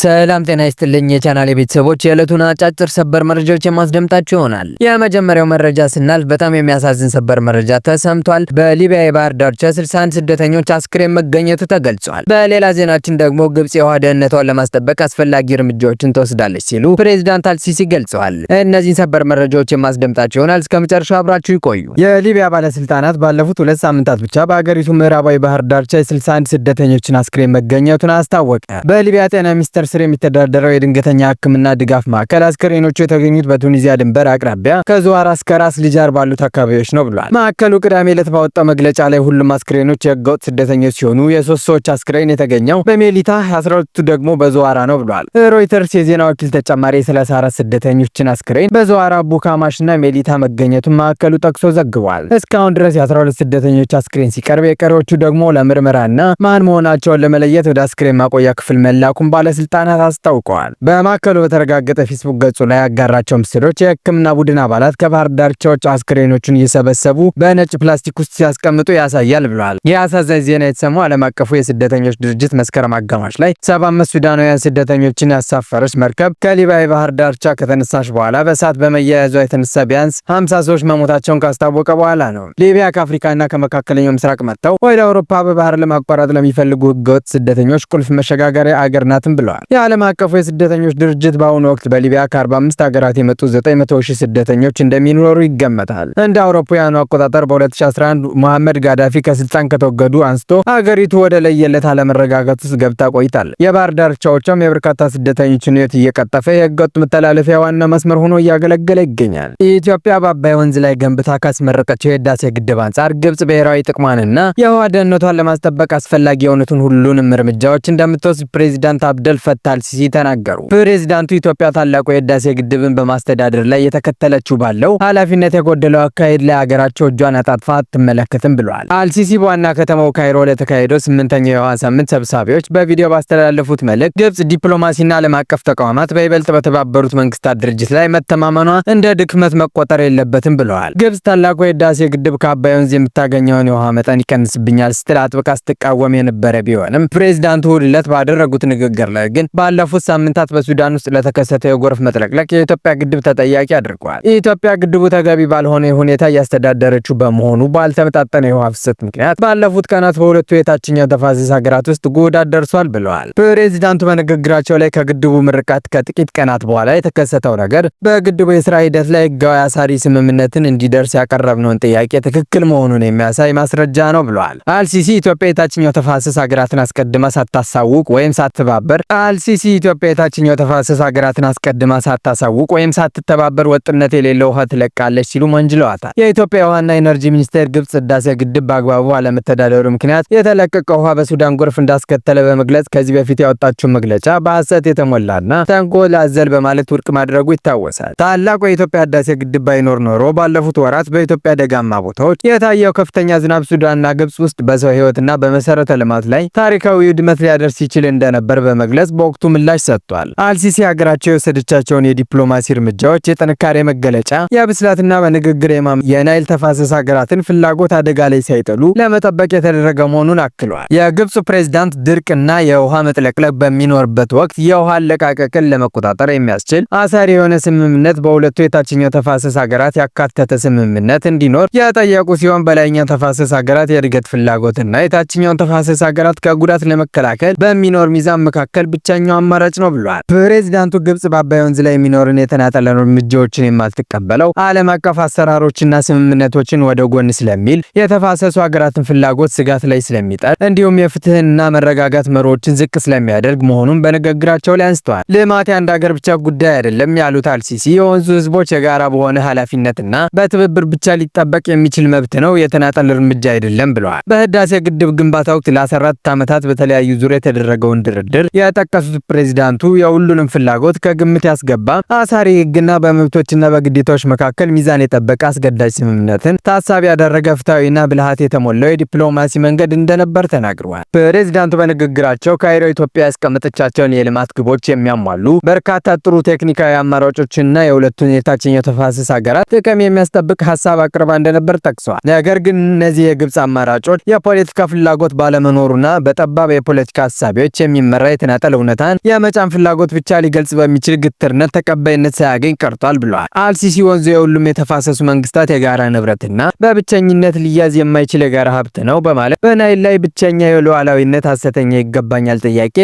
ሰላም ጤና ይስጥልኝ የቻናል የቤተሰቦች የዕለቱን አጫጭር ሰበር መረጃዎች የማስደምጣችሁ ይሆናል። የመጀመሪያው መረጃ ስናልፍ በጣም የሚያሳዝን ሰበር መረጃ ተሰምቷል። በሊቢያ የባህር ዳርቻ 61 ስደተኞች አስክሬን መገኘቱ ተገልጿል። በሌላ ዜናችን ደግሞ ግብፅ የውሃ ደህንነቷን ለማስጠበቅ አስፈላጊ እርምጃዎችን ትወስዳለች ሲሉ ፕሬዚዳንት አልሲሲ ገልጸዋል። እነዚህን ሰበር መረጃዎች የማስደምጣችሁ ይሆናል። እስከ መጨረሻው አብራችሁ ይቆዩ። የሊቢያ ባለስልጣናት ባለፉት ሁለት ሳምንታት ብቻ በአገሪቱ ምዕራባዊ ባህር ዳርቻ የ61 ስደተኞችን አስክሬን መገኘቱን አስታወቀ። በሊቢያ ጤና ሚኒስቴር ሴክተር ስር የሚተዳደረው የድንገተኛ ሕክምና ድጋፍ ማዕከል አስከሬኖቹ የተገኙት በቱኒዚያ ድንበር አቅራቢያ ከዙዋራ እስከ ራስ ሊጃር ባሉት አካባቢዎች ነው ብሏል። ማዕከሉ ቅዳሜ ዕለት ባወጣው መግለጫ ላይ ሁሉም አስክሬኖች የህገወጥ ስደተኞች ሲሆኑ የሶስት ሰዎች አስክሬን የተገኘው በሜሊታ 12ቱ ደግሞ በዙዋራ ነው ብሏል። ሮይተርስ የዜና ወኪል ተጨማሪ የ34 ስደተኞችን አስክሬን በዙዋራ ቡካማሽና ሜሊታ መገኘቱን ማዕከሉ ጠቅሶ ዘግቧል። እስካሁን ድረስ የ12 ስደተኞች አስክሬን ሲቀርብ የቀሪዎቹ ደግሞ ለምርመራና ማን መሆናቸውን ለመለየት ወደ አስክሬን ማቆያ ክፍል መላኩን ባለስልጣ ባለስልጣናት አስታውቀዋል። በማዕከሉ በተረጋገጠ ፌስቡክ ገጹ ላይ ያጋራቸው ምስሎች የህክምና ቡድን አባላት ከባህር ዳርቻዎች አስክሬኖቹን እየሰበሰቡ በነጭ ፕላስቲክ ውስጥ ሲያስቀምጡ ያሳያል ብለዋል። ይህ አሳዛኝ ዜና የተሰማው ዓለም አቀፉ የስደተኞች ድርጅት መስከረም አጋማሽ ላይ 75 ሱዳናውያን ስደተኞችን ያሳፈረች መርከብ ከሊቢያ የባህር ዳርቻ ከተነሳች በኋላ በእሳት በመያያዟ የተነሳ ቢያንስ ሀምሳ ሰዎች መሞታቸውን ካስታወቀ በኋላ ነው። ሊቢያ ከአፍሪካና ከመካከለኛው ምስራቅ መጥተው ወደ አውሮፓ በባህር ለማቋረጥ ለሚፈልጉ ህገወጥ ስደተኞች ቁልፍ መሸጋገሪያ አገር ናትም ብለዋል። ተናግረዋል። የዓለም አቀፉ የስደተኞች ድርጅት በአሁኑ ወቅት በሊቢያ ከ45 ሀገራት የመጡ 900 ሺህ ስደተኞች እንደሚኖሩ ይገመታል። እንደ አውሮፓውያኑ አቆጣጠር በ2011 መሐመድ ጋዳፊ ከስልጣን ከተወገዱ አንስቶ አገሪቱ ወደ ለየለት አለመረጋጋት ውስጥ ገብታ ቆይታል። የባህር ዳርቻዎቿም የበርካታ ስደተኞችን ሕይወት እየቀጠፈ የህገወጥ መተላለፊያ ዋና መስመር ሆኖ እያገለገለ ይገኛል። ኢትዮጵያ በአባይ ወንዝ ላይ ገንብታ ካስመረቀችው የህዳሴ ግድብ አንጻር ግብጽ ብሔራዊ ጥቅሟንና የውሃ ደህንነቷን ለማስጠበቅ አስፈላጊ የሆኑትን ሁሉንም እርምጃዎች እንደምትወስድ ፕሬዚዳንት አብደል ይፈታል ሲሲ ተናገሩ። ፕሬዚዳንቱ ኢትዮጵያ ታላቁ የህዳሴ ግድብን በማስተዳደር ላይ የተከተለችው ባለው ኃላፊነት የጎደለው አካሄድ ላይ ሀገራቸው እጇን አጣጥፋ አትመለከትም ብሏል። አልሲሲ በዋና ከተማው ካይሮ ለተካሄደው ስምንተኛው የውሃ ሳምንት ሰብሳቢዎች በቪዲዮ ባስተላለፉት መልእክት ግብጽ ዲፕሎማሲና ዓለም አቀፍ ተቋማት በይበልጥ በተባበሩት መንግስታት ድርጅት ላይ መተማመኗ እንደ ድክመት መቆጠር የለበትም ብለዋል። ግብጽ ታላቁ የህዳሴ ግድብ ከአባይ ወንዝ የምታገኘውን የውሃ መጠን ይቀንስብኛል ስትል አጥብቃ ስትቃወም የነበረ ቢሆንም ፕሬዚዳንቱ ውድለት ባደረጉት ንግግር ላይ ግን ግን ባለፉት ሳምንታት በሱዳን ውስጥ ለተከሰተው የጎርፍ መጥለቅለቅ የኢትዮጵያ ግድብ ተጠያቂ አድርገዋል። የኢትዮጵያ ግድቡ ተገቢ ባልሆነ ሁኔታ እያስተዳደረችው በመሆኑ ባልተመጣጠነ የውሃ ፍሰት ምክንያት ባለፉት ቀናት በሁለቱ የታችኛው ተፋሰስ ሀገራት ውስጥ ጉዳት ደርሷል ብለዋል። ፕሬዚዳንቱ በንግግራቸው ላይ ከግድቡ ምርቃት ከጥቂት ቀናት በኋላ የተከሰተው ነገር በግድቡ የስራ ሂደት ላይ ህጋዊ አሳሪ ስምምነትን እንዲደርስ ያቀረብነውን ጥያቄ ትክክል መሆኑን የሚያሳይ ማስረጃ ነው ብለዋል። አልሲሲ ኢትዮጵያ የታችኛው ተፋሰስ ሀገራትን አስቀድማ ሳታሳውቅ ወይም ሳትባበር አልሲሲ ኢትዮጵያ የታችኛው ተፋሰስ ሀገራትን አስቀድማ ሳታሳውቅ ወይም ሳትተባበር ወጥነት የሌለው ውሃ ትለቃለች ሲሉ ወንጅለዋታል። የኢትዮጵያ የውሃና ኤነርጂ ሚኒስቴር ግብጽ ህዳሴ ግድብ በአግባቡ አለመተዳደሩ ምክንያት የተለቀቀ ውሃ በሱዳን ጎርፍ እንዳስከተለ በመግለጽ ከዚህ በፊት ያወጣችው መግለጫ በሐሰት የተሞላና ተንኮል አዘል በማለት ውድቅ ማድረጉ ይታወሳል። ታላቁ የኢትዮጵያ ህዳሴ ግድብ ባይኖር ኖሮ ባለፉት ወራት በኢትዮጵያ ደጋማ ቦታዎች የታየው ከፍተኛ ዝናብ ሱዳንና ግብጽ ውስጥ በሰው ህይወትና በመሰረተ ልማት ላይ ታሪካዊ ውድመት ሊያደርስ ይችል እንደነበር በመግለጽ በወቅቱ ምላሽ ሰጥቷል። አልሲሲ ሀገራቸው የወሰደቻቸውን የዲፕሎማሲ እርምጃዎች የጥንካሬ መገለጫ፣ የብስላትና በንግግር የማም የናይል ተፋሰስ ሀገራትን ፍላጎት አደጋ ላይ ሳይጥሉ ለመጠበቅ የተደረገ መሆኑን አክሏል። የግብፁ ፕሬዝዳንት ድርቅና የውሃ መጥለቅለቅ በሚኖርበት ወቅት የውሃ አለቃቀቅን ለመቆጣጠር የሚያስችል አሳሪ የሆነ ስምምነት በሁለቱ የታችኛው ተፋሰስ ሀገራት ያካተተ ስምምነት እንዲኖር የጠየቁ ሲሆን በላይኛው ተፋሰስ ሀገራት የእድገት ፍላጎትና የታችኛውን ተፋሰስ ሀገራት ከጉዳት ለመከላከል በሚኖር ሚዛን መካከል ብቻ ብቸኛው አማራጭ ነው ብሏል። ፕሬዚዳንቱ ግብጽ በአባይ ወንዝ ላይ የሚኖርን የተናጠለ እርምጃዎችን የማትቀበለው ዓለም አቀፍ አሰራሮችና ስምምነቶችን ወደ ጎን ስለሚል የተፋሰሱ ሀገራትን ፍላጎት ስጋት ላይ ስለሚጠል እንዲሁም የፍትህና መረጋጋት መርሆችን ዝቅ ስለሚያደርግ መሆኑን በንግግራቸው ላይ አንስተዋል። ልማት የአንድ ሀገር ብቻ ጉዳይ አይደለም ያሉት አልሲሲ የወንዙ ህዝቦች የጋራ በሆነ ኃላፊነትና በትብብር ብቻ ሊጠበቅ የሚችል መብት ነው፣ የተናጠል እርምጃ አይደለም ብለዋል። በህዳሴ ግድብ ግንባታ ወቅት ለ14 ዓመታት በተለያዩ ዙሪያ የተደረገውን ድርድር የጠቀሱ የጠቀሱት ፕሬዚዳንቱ የሁሉንም ፍላጎት ከግምት ያስገባ አሳሪ ህግና በመብቶችና በግዴታዎች መካከል ሚዛን የጠበቀ አስገዳጅ ስምምነትን ታሳቢ ያደረገ ፍትሐዊና ብልሃት የተሞላው የዲፕሎማሲ መንገድ እንደነበር ተናግረዋል። ፕሬዚዳንቱ በንግግራቸው ካይሮ ኢትዮጵያ ያስቀመጠቻቸውን የልማት ግቦች የሚያሟሉ በርካታ ጥሩ ቴክኒካዊ አማራጮችና የሁለቱን የታችኛው ተፋሰስ ሀገራት ጥቅም የሚያስጠብቅ ሀሳብ አቅርባ እንደነበር ጠቅሰዋል። ነገር ግን እነዚህ የግብፅ አማራጮች የፖለቲካ ፍላጎት ባለመኖሩና በጠባብ የፖለቲካ ሀሳቢዎች የሚመራ የተናጠለው እውነታን የመጫን ፍላጎት ብቻ ሊገልጽ በሚችል ግትርነት ተቀባይነት ሳያገኝ ቀርቷል ብለዋል። አልሲሲ ወንዙ የሁሉም የተፋሰሱ መንግስታት የጋራ ንብረትና በብቸኝነት ሊያዝ የማይችል የጋራ ሀብት ነው በማለት በናይል ላይ ብቸኛ የሉዓላዊነት ሀሰተኛ ይገባኛል ጥያቄ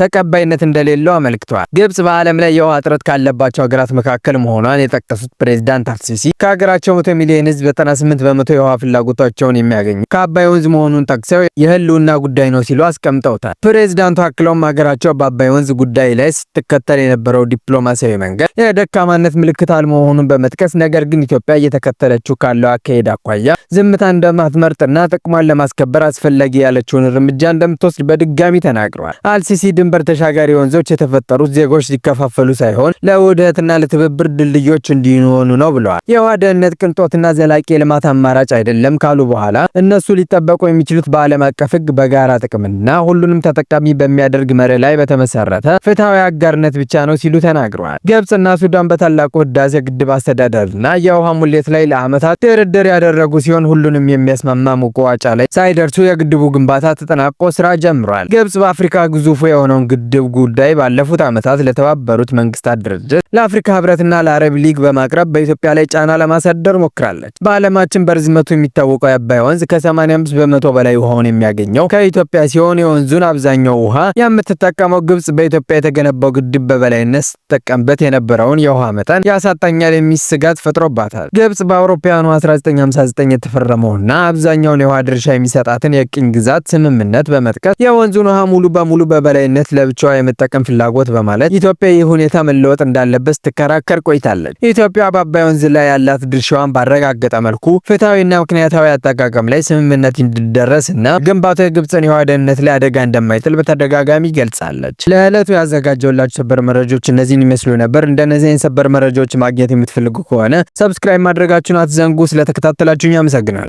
ተቀባይነት እንደሌለው አመልክተዋል። ግብጽ በዓለም ላይ የውሃ እጥረት ካለባቸው ሀገራት መካከል መሆኗን የጠቀሱት ፕሬዚዳንት አልሲሲ ከሀገራቸው መቶ ሚሊዮን ህዝብ 98 በመቶ የውሃ ፍላጎታቸውን የሚያገኙ ከአባይ ወንዝ መሆኑን ጠቅሰው የህልውና ጉዳይ ነው ሲሉ አስቀምጠውታል። ፕሬዚዳንቱ አክለውም ሀገራቸው በአባይ ወንዝ ጉዳይ ላይ ስትከተል የነበረው ዲፕሎማሲያዊ መንገድ የደካማነት ምልክት አለመሆኑን በመጥቀስ ነገር ግን ኢትዮጵያ እየተከተለችው ካለው አካሄድ አኳያ ዝምታ እንደማትመርጥና ጥቅሟን ለማስከበር አስፈላጊ ያለችውን እርምጃ እንደምትወስድ በድጋሚ ተናግረዋል። አልሲሲ ድንበር ተሻጋሪ ወንዞች የተፈጠሩት ዜጎች ሊከፋፈሉ ሳይሆን ለውህደትና ለትብብር ድልድዮች እንዲሆኑ ነው ብለዋል። የውሃ ደህንነት ቅንጦትና ዘላቂ የልማት አማራጭ አይደለም ካሉ በኋላ እነሱ ሊጠበቁ የሚችሉት በዓለም አቀፍ ሕግ በጋራ ጥቅምና ሁሉንም ተጠቃሚ በሚያደርግ መርህ ላይ በተመሰረተ ፍትሐዊ አጋርነት ብቻ ነው ሲሉ ተናግረዋል። ግብጽና ሱዳን በታላቁ ህዳሴ ግድብ አስተዳደርና የውሃ ሙሌት ላይ ለዓመታት ድርድር ያደረጉ ሲሆን ሁሉንም የሚያስማማ መቋጫ ላይ ሳይደርሱ የግድቡ ግንባታ ተጠናቆ ስራ ጀምሯል። ግብጽ በአፍሪካ ግዙፉ የሆነው የሆነውን ግድብ ጉዳይ ባለፉት ዓመታት ለተባበሩት መንግስታት ድርጅት፣ ለአፍሪካ ህብረትና ለአረብ ሊግ በማቅረብ በኢትዮጵያ ላይ ጫና ለማሳደር ሞክራለች። በዓለማችን በርዝመቱ የሚታወቀው የአባይ ወንዝ ከ85 በመቶ በላይ ውሃውን የሚያገኘው ከኢትዮጵያ ሲሆን የወንዙን አብዛኛው ውሃ የምትጠቀመው ግብጽ በኢትዮጵያ የተገነባው ግድብ በበላይነት ስትጠቀምበት የነበረውን የውሃ መጠን ያሳጣኛል የሚል ስጋት ፈጥሮባታል። ግብጽ በአውሮፓውያኑ 1959 የተፈረመውና አብዛኛውን የውሃ ድርሻ የሚሰጣትን የቅኝ ግዛት ስምምነት በመጥቀስ የወንዙን ውሃ ሙሉ በሙሉ በበላይነት ማለት ለብቻዋ የመጠቀም ፍላጎት በማለት ኢትዮጵያ ይህ ሁኔታ መለወጥ እንዳለበት ስትከራከር ቆይታለች። ኢትዮጵያ በአባይ ወንዝ ላይ ያላት ድርሻዋን ባረጋገጠ መልኩ ፍትሐዊና ምክንያታዊ አጠቃቀም ላይ ስምምነት እንዲደረስ እና ግንባታው የግብፅን የውሃ ደህንነት ላይ አደጋ እንደማይጥል በተደጋጋሚ ገልጻለች። ለዕለቱ ያዘጋጀውላችሁ ሰበር መረጃዎች እነዚህን ይመስሉ ነበር። እንደነዚህን ሰበር መረጃዎች ማግኘት የምትፈልጉ ከሆነ ሰብስክራይብ ማድረጋችሁን አትዘንጉ። ስለተከታተላችሁኝ አመሰግናለሁ።